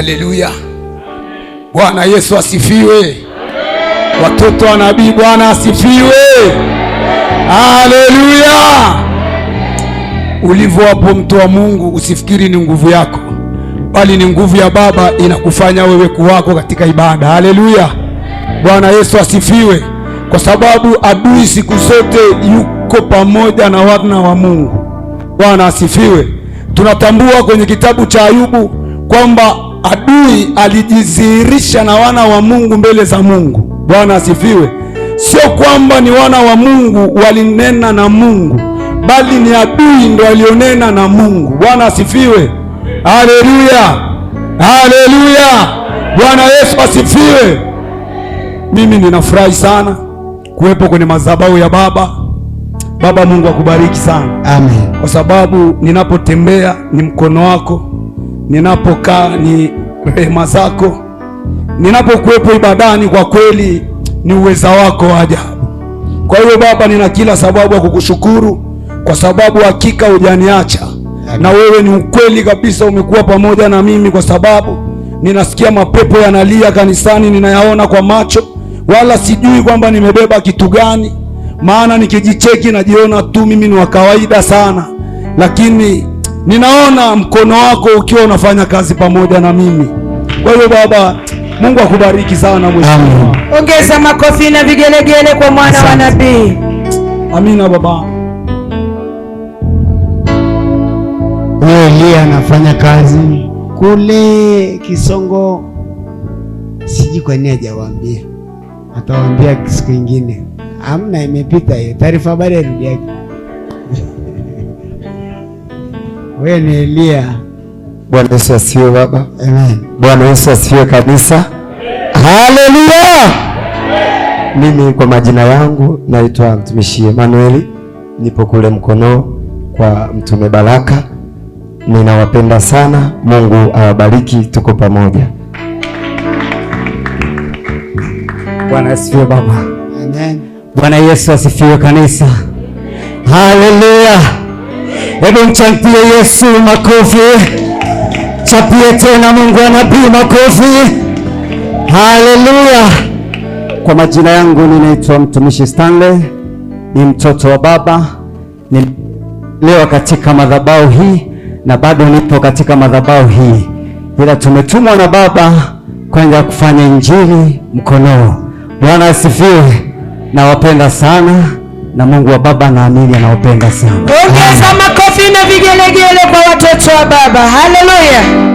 Haleluya, Bwana Yesu asifiwe. Watoto wa nabii, Bwana asifiwe. Haleluya. Ulivyo hapo, mtu wa Mungu, usifikiri ni nguvu yako, bali ni nguvu ya Baba inakufanya wewe kuwako katika ibada. Haleluya, Bwana Yesu asifiwe, kwa sababu adui siku zote yuko pamoja na wana wa Mungu. Bwana asifiwe. Tunatambua kwenye kitabu cha Ayubu kwamba adui alijidhihirisha na wana wa Mungu mbele za Mungu. Bwana asifiwe. Sio kwamba ni wana wa Mungu walinena na Mungu, bali ni adui ndo alionena na Mungu. Bwana asifiwe. Haleluya, haleluya. Bwana Yesu asifiwe. Mimi ninafurahi sana kuwepo kwenye madhabahu ya Baba. Baba Mungu akubariki sana. Amen. Kwa sababu ninapotembea ni mkono wako ninapokaa ni rehema zako, ninapokuwepo ibadani kwa kweli ni uweza wako wa Kwa hiyo Baba, nina kila sababu ya kukushukuru kwa sababu hakika hujaniacha, na wewe ni ukweli kabisa, umekuwa pamoja na mimi, kwa sababu ninasikia mapepo yanalia kanisani, ninayaona kwa macho, wala sijui kwamba nimebeba kitu gani, maana nikijicheki najiona tu mimi ni wa kawaida sana, lakini ninaona mkono wako ukiwa unafanya kazi pamoja na mimi. Kwa hiyo Baba, Mungu akubariki sana mheshimiwa. Ongeza makofi na vigelegele kwa mwana wa nabii. Amina baba. Huyo Elia anafanya kazi kule Kisongo, siji kwa nini hajawaambia, atawaambia siku ingine. Amna, imepita hiyo taarifa, habari ya wewe ni Elia. Bwana Yesu asifiwe baba. Amen. Bwana Yesu asifiwe kanisa. Haleluya. Mimi kwa majina yangu naitwa mtumishi Emanueli, nipo kule mkono kwa mtume Baraka. Ninawapenda sana, Mungu awabariki, tuko pamoja. Bwana asifiwe baba. Amen. Bwana Yesu asifiwe kanisa. Haleluya. Hebu mchapie Yesu makofi, chapie tena Mungu wa nabii makofi. Haleluya! Kwa majina yangu ninaitwa mtumishi Stanley, ni mtoto wa Baba. Leo katika madhabahu hii na bado nipo katika madhabahu hii, ila tumetumwa na Baba kwenda kufanya injili mkonoo. Bwana asifiwe, nawapenda sana na Mungu wa baba naamini anaopenda sana. Ongeza makofi na vigelegele kwa watoto wa baba. Haleluya.